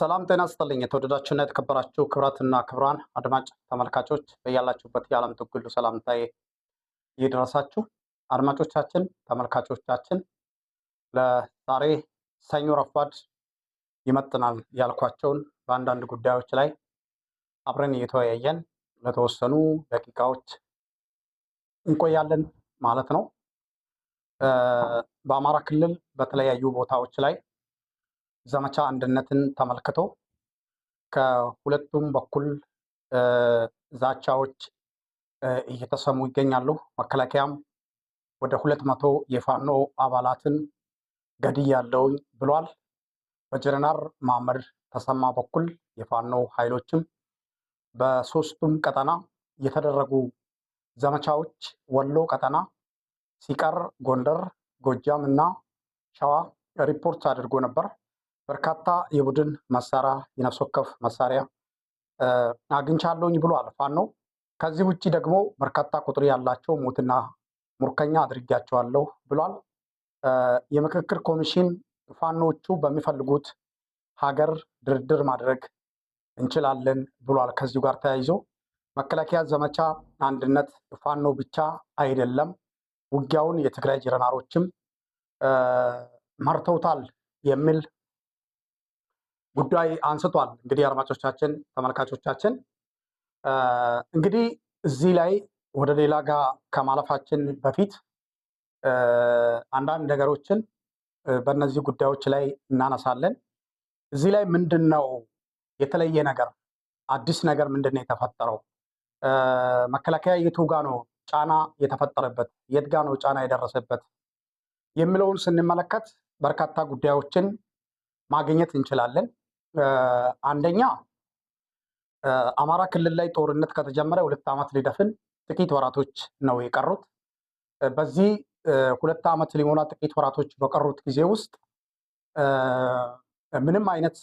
ሰላም ጤና ስጥልኝ። የተወደዳችሁና የተከበራችሁ ክብራትና ክብራን አድማጭ ተመልካቾች በያላችሁበት የዓለም ጥግ ሁሉ ሰላምታዬ ይድረሳችሁ። አድማጮቻችን፣ ተመልካቾቻችን ለዛሬ ሰኞ ረፋድ ይመጥናል ያልኳቸውን በአንዳንድ ጉዳዮች ላይ አብረን እየተወያየን ለተወሰኑ ደቂቃዎች እንቆያለን ማለት ነው። በአማራ ክልል በተለያዩ ቦታዎች ላይ ዘመቻ አንድነትን ተመልክቶ ከሁለቱም በኩል ዛቻዎች እየተሰሙ ይገኛሉ። መከላከያም ወደ ሁለት መቶ የፋኖ አባላትን ገድያለሁኝ ብሏል። በጀነራል ማመድ ተሰማ በኩል የፋኖ ኃይሎችም በሶስቱም ቀጠና የተደረጉ ዘመቻዎች ወሎ ቀጠና ሲቀር፣ ጎንደር፣ ጎጃም እና ሸዋ ሪፖርት አድርጎ ነበር። በርካታ የቡድን መሳሪያ የነፍስ ወከፍ መሳሪያ አግኝቻለሁኝ ብሏል ፋኖ። ከዚህ ውጭ ደግሞ በርካታ ቁጥር ያላቸው ሞትና ሙርከኛ አድርጊያቸዋለሁ ብሏል። የምክክር ኮሚሽን ፋኖቹ በሚፈልጉት ሀገር ድርድር ማድረግ እንችላለን ብሏል። ከዚሁ ጋር ተያይዞ መከላከያ ዘመቻ አንድነት ፋኖ ብቻ አይደለም፣ ውጊያውን የትግራይ ጀነራሎችም መርተውታል የሚል ጉዳይ አንስቷል። እንግዲህ አድማጮቻችን፣ ተመልካቾቻችን እንግዲህ እዚህ ላይ ወደ ሌላ ጋር ከማለፋችን በፊት አንዳንድ ነገሮችን በእነዚህ ጉዳዮች ላይ እናነሳለን። እዚህ ላይ ምንድን ነው የተለየ ነገር፣ አዲስ ነገር ምንድን ነው የተፈጠረው? መከላከያ የቱ ጋ ነው ጫና የተፈጠረበት? የት ጋ ነው ጫና የደረሰበት የሚለውን ስንመለከት በርካታ ጉዳዮችን ማግኘት እንችላለን። አንደኛ አማራ ክልል ላይ ጦርነት ከተጀመረ ሁለት ዓመት ሊደፍን ጥቂት ወራቶች ነው የቀሩት። በዚህ ሁለት ዓመት ሊሞላ ጥቂት ወራቶች በቀሩት ጊዜ ውስጥ ምንም አይነት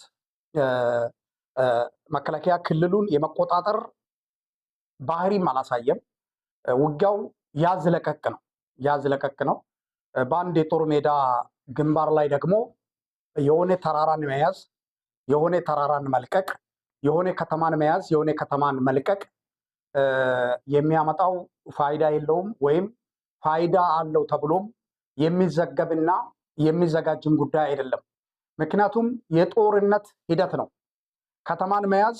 መከላከያ ክልሉን የመቆጣጠር ባህሪም አላሳየም። ውጊያው ያዝ ለቀቅ ነው፣ ያዝ ለቀቅ ነው። በአንድ የጦር ሜዳ ግንባር ላይ ደግሞ የሆነ ተራራን መያዝ የሆነ ተራራን መልቀቅ፣ የሆነ ከተማን መያዝ፣ የሆነ ከተማን መልቀቅ የሚያመጣው ፋይዳ የለውም ወይም ፋይዳ አለው ተብሎም የሚዘገብና የሚዘጋጅም ጉዳይ አይደለም። ምክንያቱም የጦርነት ሂደት ነው። ከተማን መያዝ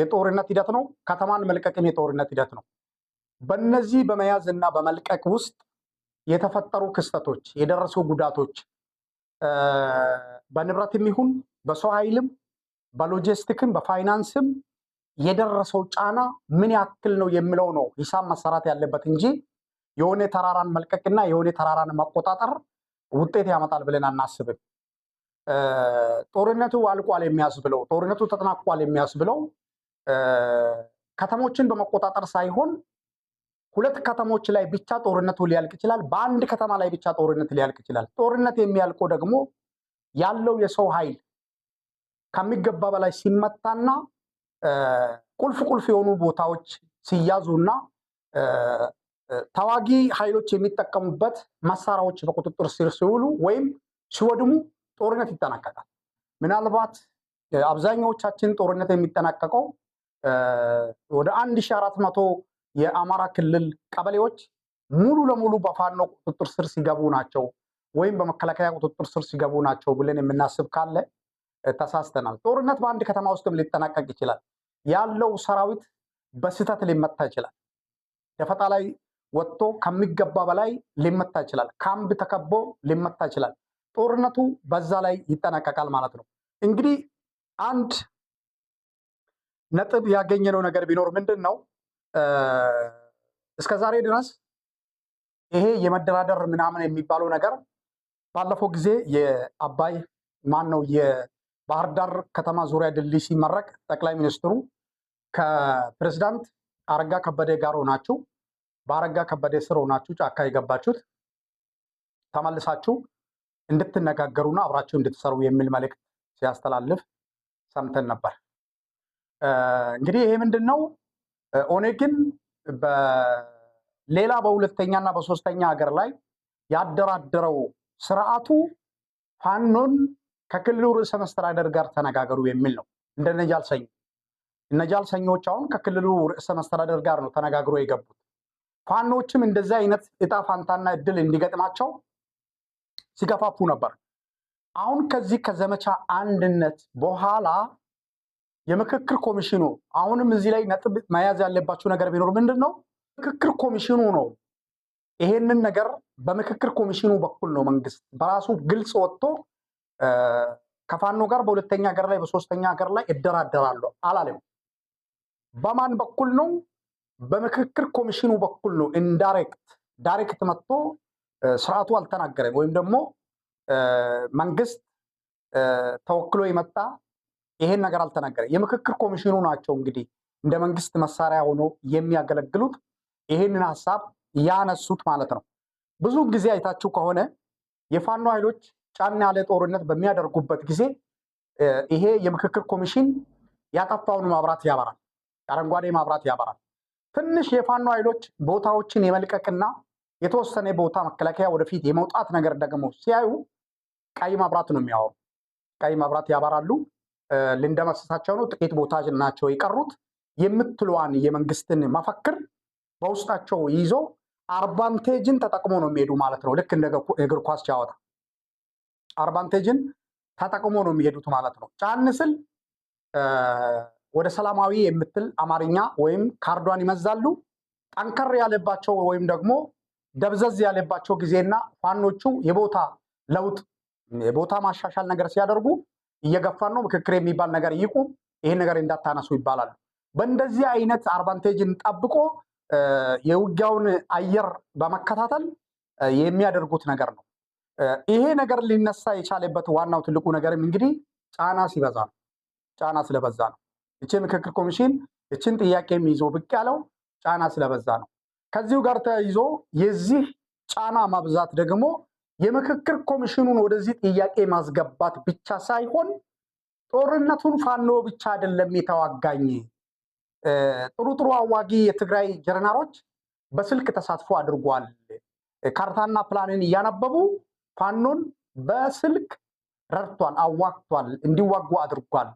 የጦርነት ሂደት ነው። ከተማን መልቀቅም የጦርነት ሂደት ነው። በነዚህ በመያዝ እና በመልቀቅ ውስጥ የተፈጠሩ ክስተቶች፣ የደረሱ ጉዳቶች በንብረትም ይሁን በሰው ኃይልም በሎጂስቲክም በፋይናንስም የደረሰው ጫና ምን ያክል ነው የሚለው ነው ሂሳብ መሰራት ያለበት እንጂ የሆነ ተራራን መልቀቅና የሆነ ተራራን መቆጣጠር ውጤት ያመጣል ብለን አናስብም። ጦርነቱ አልቋል የሚያስብለው ጦርነቱ ተጠናቋል የሚያስብለው ከተሞችን በመቆጣጠር ሳይሆን ሁለት ከተሞች ላይ ብቻ ጦርነቱ ሊያልቅ ይችላል። በአንድ ከተማ ላይ ብቻ ጦርነት ሊያልቅ ይችላል። ጦርነት የሚያልቀው ደግሞ ያለው የሰው ኃይል ከሚገባ በላይ ሲመታና ቁልፍ ቁልፍ የሆኑ ቦታዎች ሲያዙና ተዋጊ ኃይሎች የሚጠቀሙበት መሳሪያዎች በቁጥጥር ስር ሲውሉ ወይም ሲወድሙ ጦርነት ይጠናቀቃል። ምናልባት አብዛኛዎቻችን ጦርነት የሚጠናቀቀው ወደ አንድ ሺ አራት መቶ የአማራ ክልል ቀበሌዎች ሙሉ ለሙሉ በፋኖ ቁጥጥር ስር ሲገቡ ናቸው ወይም በመከላከያ ቁጥጥር ስር ሲገቡ ናቸው ብለን የምናስብ ካለ ተሳስተናል። ጦርነት በአንድ ከተማ ውስጥም ሊጠናቀቅ ይችላል። ያለው ሰራዊት በስህተት ሊመታ ይችላል። ደፈጣ ላይ ወጥቶ ከሚገባ በላይ ሊመታ ይችላል። ካምብ ተከቦ ሊመታ ይችላል። ጦርነቱ በዛ ላይ ይጠናቀቃል ማለት ነው። እንግዲህ አንድ ነጥብ ያገኘነው ነገር ቢኖር ምንድን ነው፣ እስከ ዛሬ ድረስ ይሄ የመደራደር ምናምን የሚባለው ነገር ባለፈው ጊዜ የአባይ ማን ነው ባህር ዳር ከተማ ዙሪያ ድልድይ ሲመረቅ ጠቅላይ ሚኒስትሩ ከፕሬዝዳንት አረጋ ከበደ ጋር ሆናችሁ በአረጋ ከበደ ስር ሆናችሁ ጫካ የገባችሁት ተመልሳችሁ እንድትነጋገሩና አብራችሁ እንድትሰሩ የሚል መልእክት ሲያስተላልፍ ሰምተን ነበር። እንግዲህ ይሄ ምንድን ነው? ኦኔግን በሌላ በሁለተኛና በሶስተኛ ሀገር ላይ ያደራደረው ስርዓቱ ፋኖን ከክልሉ ርዕሰ መስተዳደር ጋር ተነጋገሩ የሚል ነው። እንደ ነጃል ሰኞ ነጃል ሰኞች አሁን ከክልሉ ርዕሰ መስተዳደር ጋር ነው ተነጋግሮ የገቡት። ፋኖችም እንደዚህ አይነት እጣ ፋንታና እድል እንዲገጥማቸው ሲገፋፉ ነበር። አሁን ከዚህ ከዘመቻ አንድነት በኋላ የምክክር ኮሚሽኑ አሁንም እዚህ ላይ ነጥብ መያዝ ያለባቸው ነገር ቢኖር ምንድን ነው? ምክክር ኮሚሽኑ ነው። ይሄንን ነገር በምክክር ኮሚሽኑ በኩል ነው መንግስት በራሱ ግልጽ ወጥቶ ከፋኖ ጋር በሁለተኛ ሀገር ላይ በሶስተኛ ሀገር ላይ እደራደራለሁ አላለም። በማን በኩል ነው? በምክክር ኮሚሽኑ በኩል ነው። ኢንዳይሬክት ዳይሬክት መጥቶ ስርዓቱ አልተናገረም። ወይም ደግሞ መንግስት ተወክሎ የመጣ ይሄን ነገር አልተናገረም። የምክክር ኮሚሽኑ ናቸው እንግዲህ እንደ መንግስት መሳሪያ ሆኖ የሚያገለግሉት ይህንን ሀሳብ ያነሱት ማለት ነው። ብዙ ጊዜ አይታችሁ ከሆነ የፋኖ ኃይሎች ጫና ያለ ጦርነት በሚያደርጉበት ጊዜ ይሄ የምክክር ኮሚሽን ያጠፋውን ማብራት ያበራል፣ አረንጓዴ ማብራት ያበራል። ትንሽ የፋኖ ኃይሎች ቦታዎችን የመልቀቅና የተወሰነ ቦታ መከላከያ ወደፊት የመውጣት ነገር ደግሞ ሲያዩ ቀይ ማብራት ነው የሚያወሩ፣ ቀይ ማብራት ያበራሉ። ልንደመሰሳቸው ነው፣ ጥቂት ቦታ ናቸው የቀሩት የምትለዋን የመንግስትን መፈክር በውስጣቸው ይዞ አርባንቴጅን ተጠቅሞ ነው የሚሄዱ ማለት ነው። ልክ እንደ እግር ኳስ ጨዋታ አርባንቴጅን ተጠቅሞ ነው የሚሄዱት ማለት ነው። ጫን ስል ወደ ሰላማዊ የምትል አማርኛ ወይም ካርዷን ይመዛሉ። ጠንከር ያለባቸው ወይም ደግሞ ደብዘዝ ያለባቸው ጊዜና ፋኖቹ የቦታ ለውጥ የቦታ ማሻሻል ነገር ሲያደርጉ እየገፋን ነው፣ ምክክር የሚባል ነገር ይቁም፣ ይህን ነገር እንዳታነሱ ይባላሉ። በእንደዚህ አይነት አርባንቴጅን ጠብቆ የውጊያውን አየር በመከታተል የሚያደርጉት ነገር ነው። ይሄ ነገር ሊነሳ የቻለበት ዋናው ትልቁ ነገርም እንግዲህ ጫና ሲበዛ ነው። ጫና ስለበዛ ነው። ይቺ ምክክር ኮሚሽን ይችን ጥያቄም ይዞ ብቅ ያለው ጫና ስለበዛ ነው። ከዚሁ ጋር ተያይዞ የዚህ ጫና ማብዛት ደግሞ የምክክር ኮሚሽኑን ወደዚህ ጥያቄ ማስገባት ብቻ ሳይሆን ጦርነቱን ፋኖ ብቻ አይደለም የተዋጋኝ፣ ጥሩ ጥሩ አዋጊ የትግራይ ጀነራሎች በስልክ ተሳትፎ አድርጓል፣ ካርታና ፕላንን እያነበቡ ፋኖን በስልክ ረድቷል፣ አዋግቷል፣ እንዲዋጉ አድርጓል።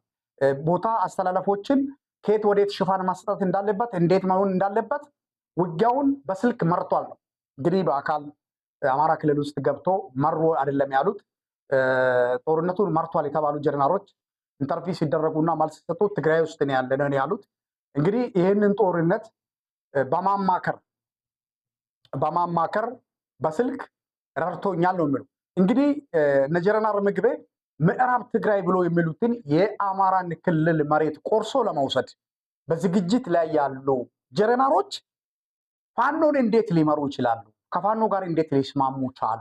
ቦታ አስተላለፎችን ከየት ወደት ሽፋን ማስጠት እንዳለበት፣ እንዴት መሆን እንዳለበት ውጊያውን በስልክ መርቷል። ነው እንግዲህ በአካል አማራ ክልል ውስጥ ገብቶ መሮ አይደለም ያሉት ጦርነቱን መርቷል የተባሉ ጀነራሎች ኢንተርቪው ሲደረጉና መልስ ሲሰጡ ትግራይ ውስጥ ነው ያለነን ያሉት። እንግዲህ ይህንን ጦርነት በማማከር በማማከር በስልክ ረድቶኛል ነው የሚለው። እንግዲህ ጀነራል ምግቤ ምዕራብ ትግራይ ብሎ የሚሉትን የአማራን ክልል መሬት ቆርሶ ለመውሰድ በዝግጅት ላይ ያሉ ጀነራሎች ፋኖን እንዴት ሊመሩ ይችላሉ? ከፋኖ ጋር እንዴት ሊስማሙ ቻሉ?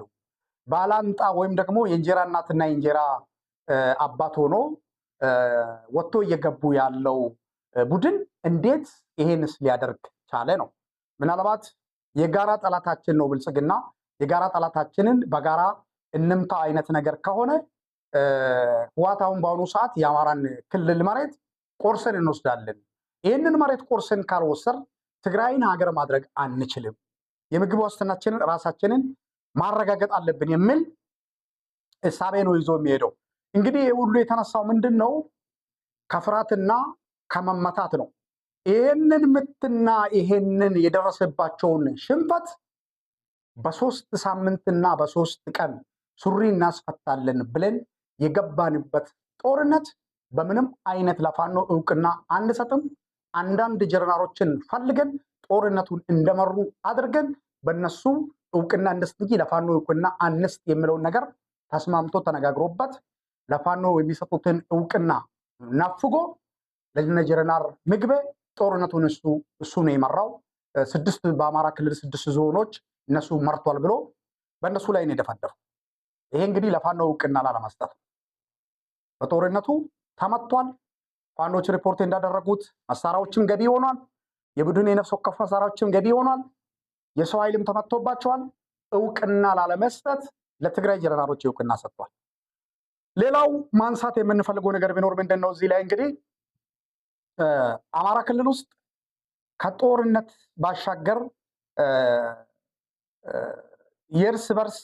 ባላንጣ ወይም ደግሞ የእንጀራ እናትና የእንጀራ አባት ሆኖ ወጥቶ እየገቡ ያለው ቡድን እንዴት ይሄንስ ሊያደርግ ቻለ ነው። ምናልባት የጋራ ጠላታችን ነው ብልጽግና የጋራ ጠላታችንን በጋራ እንምታ አይነት ነገር ከሆነ ህዋት አሁን በአሁኑ ሰዓት የአማራን ክልል መሬት ቆርሰን እንወስዳለን። ይህንን መሬት ቆርሰን ካልወሰር ትግራይን ሀገር ማድረግ አንችልም። የምግብ ዋስትናችንን ራሳችንን ማረጋገጥ አለብን የሚል እሳቤ ነው ይዞ የሚሄደው። እንግዲህ ይህ ሁሉ የተነሳው ምንድን ነው? ከፍርሃትና ከመመታት ነው። ይህንን ምትና ይህንን የደረሰባቸውን ሽንፈት በሶስት ሳምንትና በሶስት ቀን ሱሪ እናስፈታለን ብለን የገባንበት ጦርነት በምንም አይነት ለፋኖ እውቅና አንሰጥም። አንዳንድ ጀነራሎችን ፈልገን ጦርነቱን እንደመሩ አድርገን በነሱ እውቅና እንስጥ እንጂ ለፋኖ እውቅና አንስጥ የሚለውን ነገር ተስማምቶ ተነጋግሮበት ለፋኖ የሚሰጡትን እውቅና ናፍጎ ለነ ጀነራል ጦርነቱን እሱ ነው የመራው። ስድስት በአማራ ክልል ስድስት ዞኖች እነሱ መርቷል ብሎ በእነሱ ላይ ነው የደፈደፉ። ይሄ እንግዲህ ለፋኖ እውቅና ላለመስጠት በጦርነቱ ተመቷል። ፋኖች ሪፖርት እንዳደረጉት መሳሪያዎችም ገቢ ሆኗል። የቡድን የነፍስ ወከፍ መሳሪያዎችም ገቢ ሆኗል። የሰው ኃይልም ተመቶባቸዋል። እውቅና ላለመስጠት ለትግራይ ጀነራሎች እውቅና ሰጥቷል። ሌላው ማንሳት የምንፈልገው ነገር ቢኖር ምንድን ነው እዚህ ላይ እንግዲህ አማራ ክልል ውስጥ ከጦርነት ባሻገር የእርስ በርስ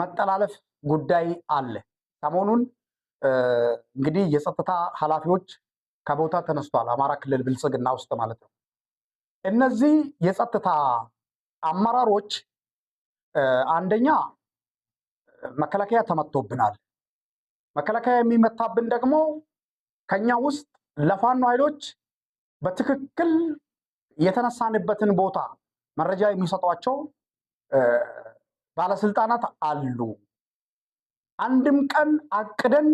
መጠላለፍ ጉዳይ አለ። ሰሞኑን እንግዲህ የጸጥታ ኃላፊዎች ከቦታ ተነስቷል። አማራ ክልል ብልጽግና ውስጥ ማለት ነው። እነዚህ የጸጥታ አመራሮች አንደኛ መከላከያ ተመቶብናል። መከላከያ የሚመታብን ደግሞ ከኛ ውስጥ ለፋኖ ኃይሎች በትክክል የተነሳንበትን ቦታ መረጃ የሚሰጧቸው ባለስልጣናት አሉ። አንድም ቀን አቅደን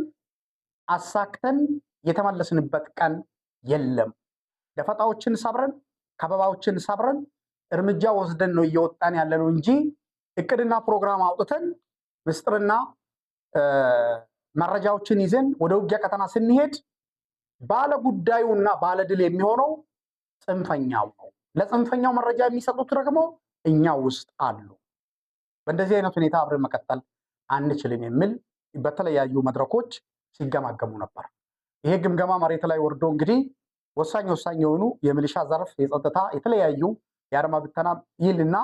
አሳክተን የተመለስንበት ቀን የለም። ደፈጣዎችን ሰብረን ከበባዎችን ሰብረን እርምጃ ወስደን ነው እየወጣን ነው እንጂ እቅድና ፕሮግራም አውጥተን ምስጢርና መረጃዎችን ይዘን ወደ ውጊያ ቀጠና ስንሄድ ባለ ጉዳዩና ባለ ድል የሚሆነው ጽንፈኛው ነው። ለጽንፈኛው መረጃ የሚሰጡት ደግሞ እኛ ውስጥ አሉ። በእንደዚህ አይነት ሁኔታ አብረን መቀጠል አንችልም የሚል በተለያዩ መድረኮች ሲገማገሙ ነበር። ይሄ ግምገማ መሬት ላይ ወርዶ እንግዲህ ወሳኝ ወሳኝ የሆኑ የሚሊሻ ዘርፍ፣ የጸጥታ፣ የተለያዩ የአድማ ብተና ይልና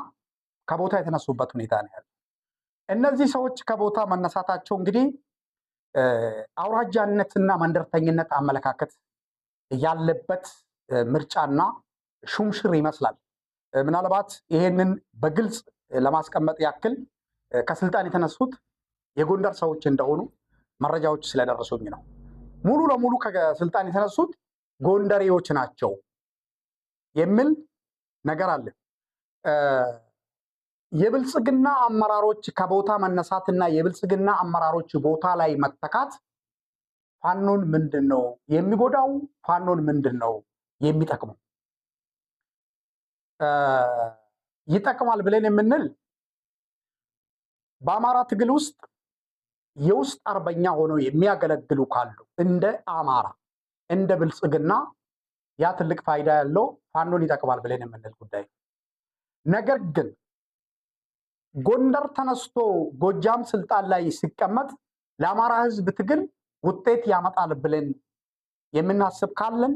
ከቦታ የተነሱበት ሁኔታ ነው ያለ። እነዚህ ሰዎች ከቦታ መነሳታቸው እንግዲህ አውራጃነትና መንደርተኝነት አመለካከት ያለበት ምርጫና ሹምሽር ይመስላል ምናልባት ይሄንን በግልጽ ለማስቀመጥ ያክል ከስልጣን የተነሱት የጎንደር ሰዎች እንደሆኑ መረጃዎች ስለደረሱኝ ነው። ሙሉ ለሙሉ ከስልጣን የተነሱት ጎንደሬዎች ናቸው የሚል ነገር አለ። የብልጽግና አመራሮች ከቦታ መነሳትና የብልጽግና አመራሮች ቦታ ላይ መተካት ፋኖን ምንድን ነው የሚጎዳው? ፋኖን ምንድን ነው የሚጠቅመው? ይጠቅማል ብለን የምንል በአማራ ትግል ውስጥ የውስጥ አርበኛ ሆነው የሚያገለግሉ ካሉ እንደ አማራ እንደ ብልጽግና ያ ትልቅ ፋይዳ ያለው ፋኖን ይጠቅማል ብለን የምንል ጉዳይ ነው። ነገር ግን ጎንደር ተነስቶ ጎጃም ስልጣን ላይ ሲቀመጥ ለአማራ ህዝብ ትግል ውጤት ያመጣል ብለን የምናስብ ካለን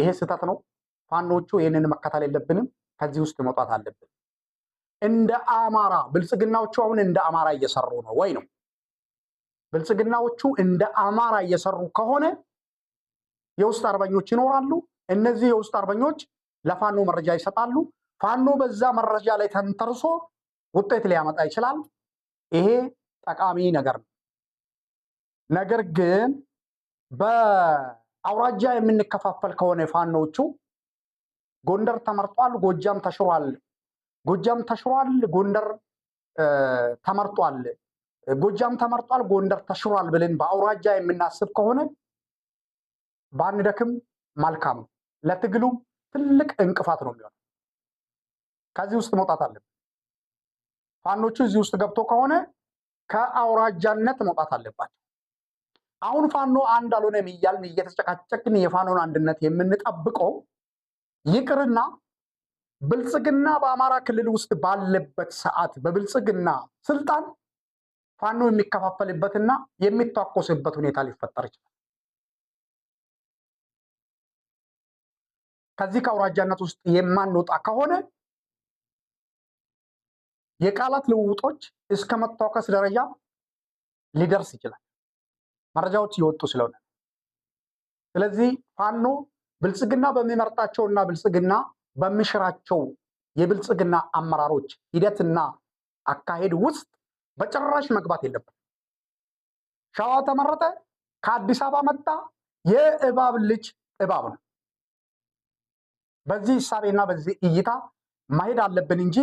ይሄ ስህተት ነው። ፋኖቹ ይህንን መከተል የለብንም። ከዚህ ውስጥ መውጣት አለብን። እንደ አማራ ብልጽግናዎቹ አሁን እንደ አማራ እየሰሩ ነው ወይ ነው? ብልጽግናዎቹ እንደ አማራ እየሰሩ ከሆነ የውስጥ አርበኞች ይኖራሉ። እነዚህ የውስጥ አርበኞች ለፋኖ መረጃ ይሰጣሉ። ፋኖ በዛ መረጃ ላይ ተንተርሶ ውጤት ሊያመጣ ይችላል። ይሄ ጠቃሚ ነገር ነው። ነገር ግን በአውራጃ የምንከፋፈል ከሆነ ፋኖቹ ጎንደር ተመርጧል፣ ጎጃም ተሽሯል። ጎጃም ተሽሯል፣ ጎንደር ተመርጧል። ጎጃም ተመርጧል፣ ጎንደር ተሽሯል ብለን በአውራጃ የምናስብ ከሆነ ባንደክም መልካም፣ ለትግሉም ትልቅ እንቅፋት ነው የሚሆነው። ከዚህ ውስጥ መውጣት አለብን። ፋኖቹ እዚህ ውስጥ ገብቶ ከሆነ ከአውራጃነት መውጣት አለባቸው። አሁን ፋኖ አንድ አልሆነም እያልን እየተጨቃጨቅን የፋኖን አንድነት የምንጠብቀው ይቅርና ብልጽግና በአማራ ክልል ውስጥ ባለበት ሰዓት በብልጽግና ስልጣን ፋኖ የሚከፋፈልበትና የሚታኮስበት ሁኔታ ሊፈጠር ይችላል። ከዚህ ከአውራጃነት ውስጥ የማንወጣ ከሆነ የቃላት ልውውጦች እስከ መታወከስ ደረጃ ሊደርስ ይችላል። መረጃዎች እየወጡ ስለሆነ ስለዚህ ፋኖ ብልጽግና በሚመርጣቸውና ብልጽግና በሚሽራቸው የብልጽግና አመራሮች ሂደትና አካሄድ ውስጥ በጭራሽ መግባት የለብን። ሸዋ ተመረጠ፣ ከአዲስ አበባ መጣ፣ የእባብ ልጅ እባብ ነው። በዚህ እሳቤና በዚህ እይታ ማሄድ አለብን እንጂ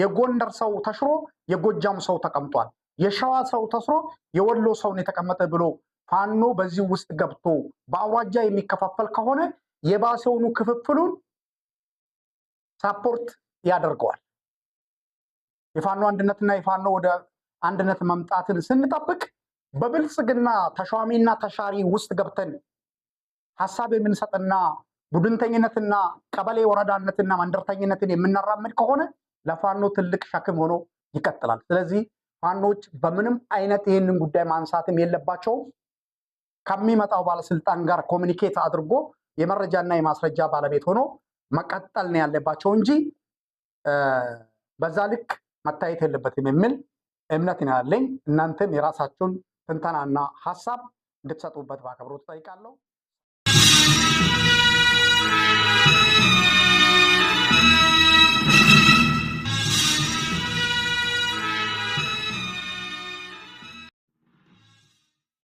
የጎንደር ሰው ተሽሮ የጎጃም ሰው ተቀምጧል፣ የሸዋ ሰው ተስሮ የወሎ ሰውን የተቀመጠ ብሎ ፋኖ በዚህ ውስጥ ገብቶ በአውራጃ የሚከፋፈል ከሆነ የባሰውኑ ክፍፍሉን ሳፖርት ያደርገዋል። የፋኖ አንድነትና የፋኖ ወደ አንድነት መምጣትን ስንጠብቅ በብልጽግና ተሿሚና ተሻሪ ውስጥ ገብተን ሀሳብ የምንሰጥና ቡድንተኝነትና ቀበሌ ወረዳነትና መንደርተኝነትን የምናራምድ ከሆነ ለፋኖ ትልቅ ሸክም ሆኖ ይቀጥላል። ስለዚህ ፋኖች በምንም አይነት ይህንን ጉዳይ ማንሳትም የለባቸውም። ከሚመጣው ባለስልጣን ጋር ኮሚኒኬት አድርጎ የመረጃና የማስረጃ ባለቤት ሆኖ መቀጠል ነው ያለባቸው እንጂ በዛ ልክ መታየት የለበትም የሚል እምነት ያለኝ። እናንተም የራሳችሁን ትንተናና ሀሳብ እንድትሰጡበት በአክብሮት እጠይቃለሁ።